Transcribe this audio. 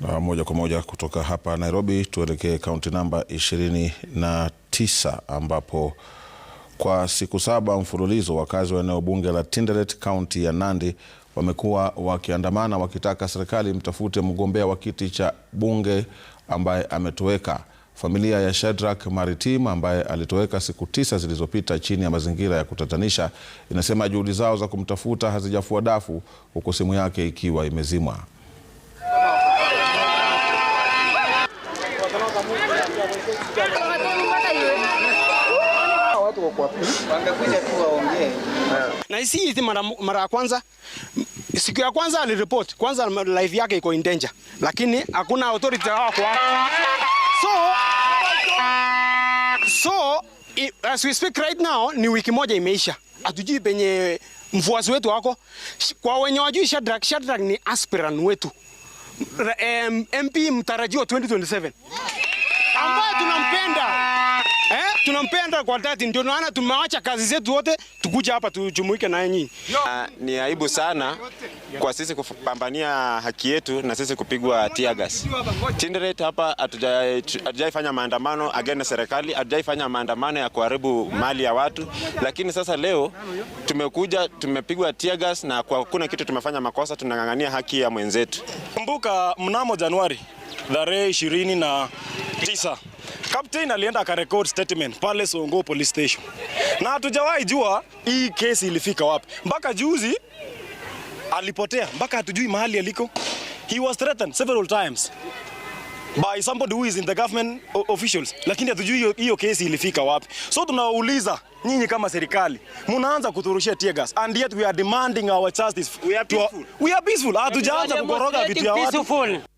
Na uh, moja kwa moja kutoka hapa Nairobi tuelekee kaunti namba 29 ambapo kwa siku saba mfululizo wakazi wa eneo bunge la Tinderet kaunti ya Nandi wamekuwa wakiandamana wakitaka serikali mtafute mgombea wa kiti cha bunge ambaye ametoweka. Familia ya Shadrack Maritim ambaye alitoweka siku tisa zilizopita chini ya mazingira ya kutatanisha inasema juhudi zao za kumtafuta hazijafua dafu huku simu yake ikiwa imezimwa. Na isi hizi mara mara ya kwanza siku ya kwanza aliripoti kwanza life yake iko in danger, lakini hakuna authority hawako hapo. So so as we speak right now ni wiki moja imeisha. Hatujui penye mfuasi wetu wako. Kwa wenye wajui Shadrack, Shadrack ni aspirant wetu. MP mtarajiwa 2027 ambaye tunampenda eh, tunampenda kwa dhati, ndio maana tumeacha kazi zetu wote tukuja hapa tujumuike na nyinyi. Ah, ni aibu sana kwa sisi kupambania haki yetu na sisi kupigwa tear gas. Tinderet hapa hatujaifanya maandamano against serikali, hatujaifanya maandamano ya kuharibu mali ya watu, lakini sasa leo tumekuja tumepigwa tear gas na kwa kuna kitu tumefanya makosa, tunang'ang'ania haki ya mwenzetu. Kumbuka mnamo Januari tarehe ishirini na tisa Captain alienda akarekod statement pale Songo police station, na hatujawahi jua hii kesi ilifika wapi. Mpaka juzi alipotea, mpaka hatujui mahali aliko. He was threatened several times by somebody who is in the government officials, lakini hatujui hiyo kesi ilifika wapi. So tunawauliza nyinyi kama serikali, munaanza kuturushia tear gas and yet we are demanding our justice. We are peaceful, we are peaceful. Hatujaanza kukoroga vitu ya watu.